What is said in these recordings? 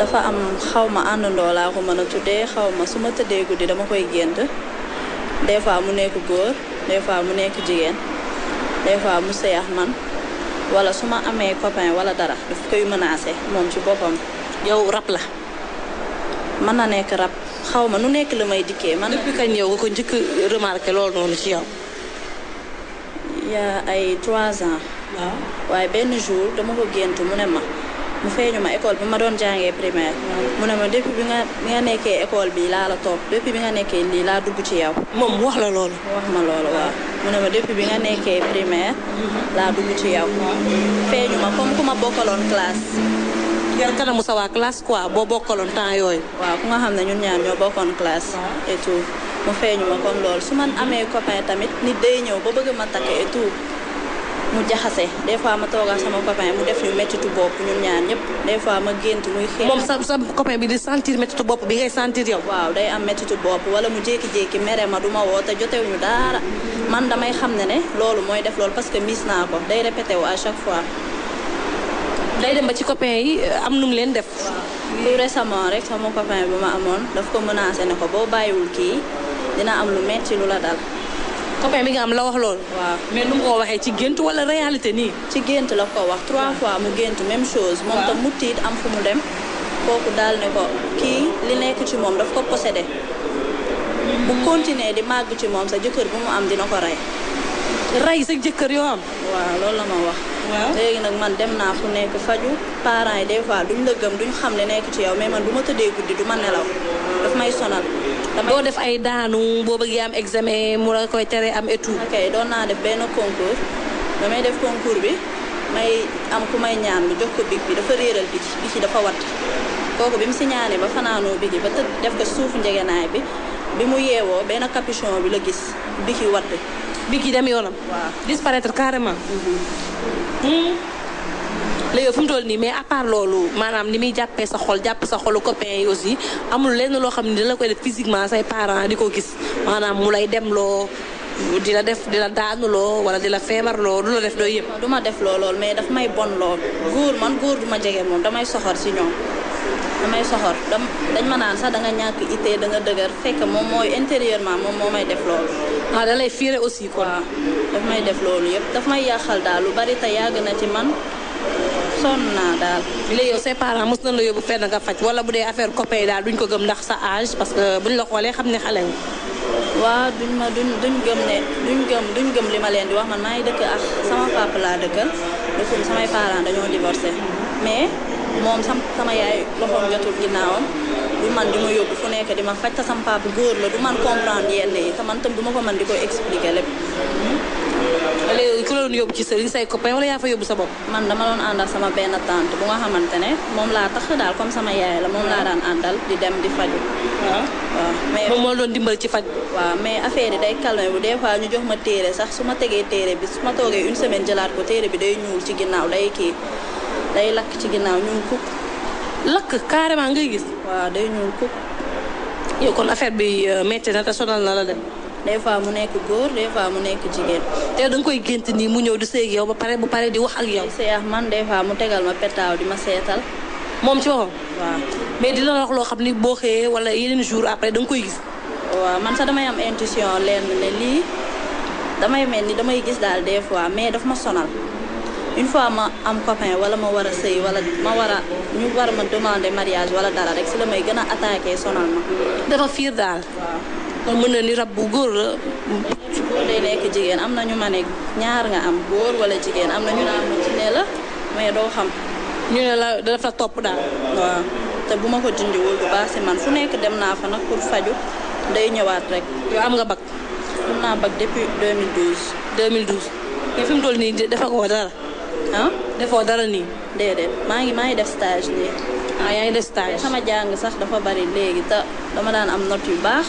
dafa am xaw ma àndandoo laa ko mën a tuddee xaw ma su ma tëddee guddi dama koy gént des fois mu nekk góor des fois mu nekk jigéen des fois mu seex man wala su ma amee copain wala dara daf koy menacé moom ci boppam. yow rab la. mën na nekk rab xaw ma nu nekk la may dikkee man. depuis kañ ko njëkk remarqué loolu noonu ci yow. yaa ay trois ans. waaw waaye benn jour dama ko gént mu ne ma. mu feeñu ma école bi ma doon jàngee primaire mu ne ma depuis bi nga bi nga nekkee école bi laa la topp depuis bi nga nekkee lii laa dugg ci yow moom wax la loolu wax ma loolu waaw mu ne ma depuis bi nga nekkee primaire mhm. laa dugg ci yow feeñu ma comme ku ma bokkaloon classe yar kanamu sa waa classe quoi boo bokkaloon temps yooyu waaw ku nga xam ne ñun ñaar ñoo bokkoon classe et tout mu feeñu ma comme loolu su man amee copain tamit nit day ñëw ba bëgg ma takk et mu jaxase des fois ma toogaa sama copain mu def ñu méttitu bopp ñun ñaar ñëpp des fois ma gént muy xeex moom sa sa bi di sentir méttitu bopp bi ngay sentir yow waaw day am méttitu bopp wala mu jékki-jékki mere ma duma ma woo te jotewuñu daara man damay xam ne ne loolu mooy def loolu parce que miis naa ko day répété wu à chaque fois day dem ba ci copain yi am nu mu leen def tout récemment rek sama copain bi ma amoon daf ko menacé ne ko boo bàyyiwul kii dina am lu metti lu la dal copain bi nga am la wax loolu. waa mais nu mu ko waxee ci gént wala réalité nii. ci gént la ko wax trois fois mu gént même chose. moom tam mu tiit am fu mu dem. kooku daal ne ko kii li nekk ci moom daf ko possédé. bu continuer di màgg ci moom sa jëkkër bu mu am dina ko rey. rey sa jëkkër yoo am. waaw loolu la ma wax. waaw léegi nag man dem naa fu nekk faju parents yi des fois duñ la gëm duñ xam ne nekk ci yow mais man du ma tëddee guddi du ma nelaw daf may sonal. doo def ay daanu boo bëggee am examen mu la koy tere am étu tout. ok doon naa def benn concours damay def concours bi may am ku may ñaan lu jox ko big bi dafa réeral bi ci bi ci dafa wat kooku bi mu si ñaanee ba fanaanoo bigi ba tëdd def ko suufu njegenaay bi bi mu yeewoo benn capuchon bi la gis bi ci watt bi ki dem yoonam. waaw disparaître léegi fu mu toll nii mais à loolu maanaam ni muy jàppee sa xol jàpp sa xolu copain yi aussi amul lenn loo xam ne dina la koy def physiquement say parents di ko gis maanaam mu lay dem loo di la def di la daanuloo wala di la feebarloo du la def dooy yëpp. du ma def loo lool mais dafa may bon lool. góor man góor du ma jege moom damay soxor si ñoom. damay soxor dam dañ ma naan sax da nga ñàkk ittee da nga dëgër fekk moom mooy intérieurement moom moo may def loolu. Ah, da lay fiire aussi quoi. may def loolu yëpp daf may yàqal daal lu bari te yàgg na ci man. sonn naa daal léegi yow say parents mos nañ la yóbbu fenn nga faj wala bu dee affaire copain daal duñ ko gëm ndax sa âge parce que buñ la xoolee xam ne xale nga waaw duñ ma duñ duñ gëm ne duñ gëm duñ gëm li ma leen di wax man maa ngi dëkk ak sama papa laa dëkkal dëkkum samay parents dañoo divorcé mais moom sam sama yaay loxoom jotul ginnaawam du man di ma yóbbu fu nekk di ma faj sam papa góor la du man comprendre yene ta man tam duma ko man diko expliquer le ale ci serigne say copain wala ya fa sa bop man dama don andal sama ben tante bu nga xamantene kan, eh? mom la tax dal comme sama yaay la mom la dan andal di dem di faju waaw mais moom moo doon dimbal ci faj waaw mais affaire day calme bu des fois ñu jox ma téré sax suma tégué téré bi suma togué une semaine jëlat ko téré bi day ñuul ci ginnaw day ki day lak ci ginnaw ñu ko lakk carrément ngay gis. waaw day ñuul kuk. yow kon affaire bi euh, métti na te sonal na la dem. des fois mu nekk góor des fois mu nekk jigéen. te da koy gént nii mu ñëw di sëy ak ba pare bu pare di wax ak yow. seex man des fois mu tegal ma petaaw di ma seetal. moom ci waxam. waaw mais di la wax loo xam ni boo xëyee wala yeneen jour après da koy gis. waaw man sax damay am intuition lenn ne lii damay mel ni damay gis daal des fois mais daf ma sonal. une fois ma am copain wala ma war a sëy wala ma war a ñu war ma demander mariage wala dara rek si la may gën a attaqué sonal ma. dafa fiir daal. waaw mën na ni rab bu góor la. góor day nekk jigéen am na ñu ma ne ñaar nga am góor wala jigéen am na ñu naan ci ne la mais doo xam. ñu ne la dafa topp daal. waaw te bu ma ko dindiwul bu baax si man fu nekk dem naa fa nag pour faju day ñëwaat rek. yow am nga bag. am naa bag depuis 2012. 2012 mais fi mu toll ah defoo dara nii déedéet maa ngi maa ngi def stage ni ah yaa ngi def stage sama jàng sax dafa bari léegi ta dama daan am note yu baax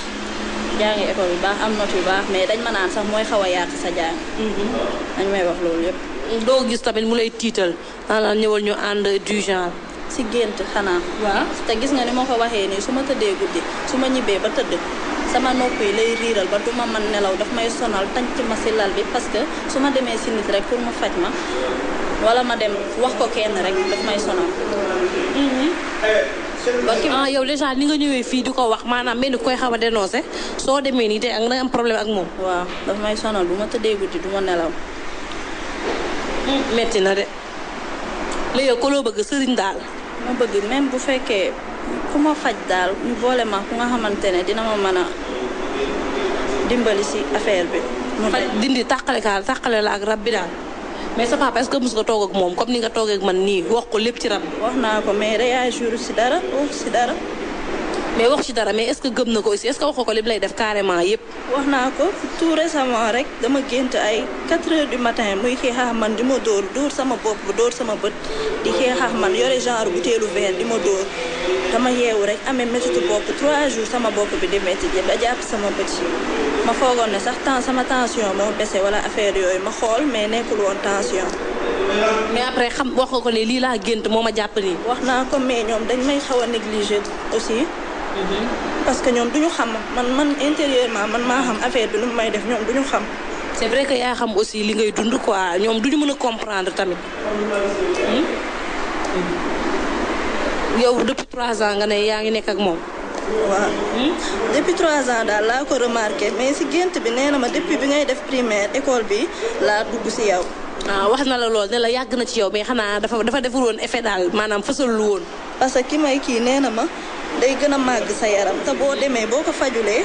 jàngi école yu baax am note yu baax mais dañ ma naan sax mooy xaw a yàq sa jàng mhm. dañ may wax loolu yëpp doo gis tamit mu lay tiital maanaam ñëwal ñu ànd du genre si gént xanaa waaw te gis nga ni moo ko waxee nii su ma tëddee guddi ba tëdd sama nopp yi lay riiral ba du ma mën nelaw daf may sonal tànc ma si lal bi parce que su ma demee si nit rek pour mu faj ma wala ma dem wax ko kenn rek daf may sonal. Mm-hmm. ah yow déjà ni nga ñëwee fii di ko wax maanaam mel ni koy xaw a dénoncé soo demee nii te ak nga am problème ak moom. waaw daf may sonal bu ma tëddee guddi du ma nelaw. metti na de. léegi ko loo bëgg sëriñ daal. ma bëgg même bu fekkee ku ma faj daal ñu boole ma ku nga xamante ne dina ma mën a dimbali si affaire bi. mu dindi tàqale kaal tàqale la ak rab bi daal. mais sa papa est-ce que mos nga toog moom comme ni nga toogee ak man nii wax ko lépp ci rab. wax naa ko mais réagir si dara wax si dara. mais wax ci dara mais est-ce que gëm na ko aussi est-ce que wax ko li mu lay def carrément yépp wax naa ko tout récemment rek dama gént ay 4 heures du matin muy xeexaax man di ma dóor dóor sama bopp dóor sama bët di xeex xeexaax man yore genre butéelu verre di ma dóor. dama yeewu rek amee métitu bopp trois jours sama bopp bi di métti ji da jàpp sama bët yi ma foogoon ne sax temps sama tension moo bese wala affaire yooyu ma xool mais nekkul woon tension. mais après xam wax nga ko ne lii laa gént moo ma jàpp nii. wax naa ko mais ñoom dañ may xaw a négliger aussi. Mhm. parce que ñoom duñu xam man man intérieurement man maa xam affaire bi lu mu may def ñoom duñu xam. c'est vrai que yaa xam aussi li ngay dund quoi ñoom duñu mën a comprendre tamit. Hmm? Mhm. yow depuis trois ans nga ne yaa ngi nekk ak moom. waaw hmm? depuis trois ans daal laa ko remarqué mais si gént bi nee na ma depuis bi ngay def primaire école bi laa dugg si yow. ah wax na la lool ne la yàgg na ci yow mais xanaa dafa dafa deful woon effet daal maanaam fësal lu woon. parce que ki may kii nee na ma day gën a màgg sa yaram te boo demee boo ko fajulee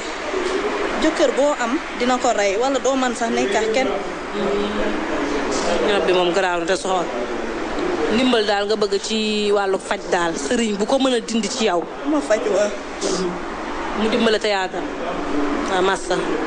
jëkkër boo am dina ko rey wala doo man sax nekk kenn. ñoom hmm. bi moom garaaw na te soxor. ndimbal daal nga bëgg ci wàllu faj daal sëriñ bu ko mën dindi ci yow. ma faj wa mu dimbale te yaatal waaw massa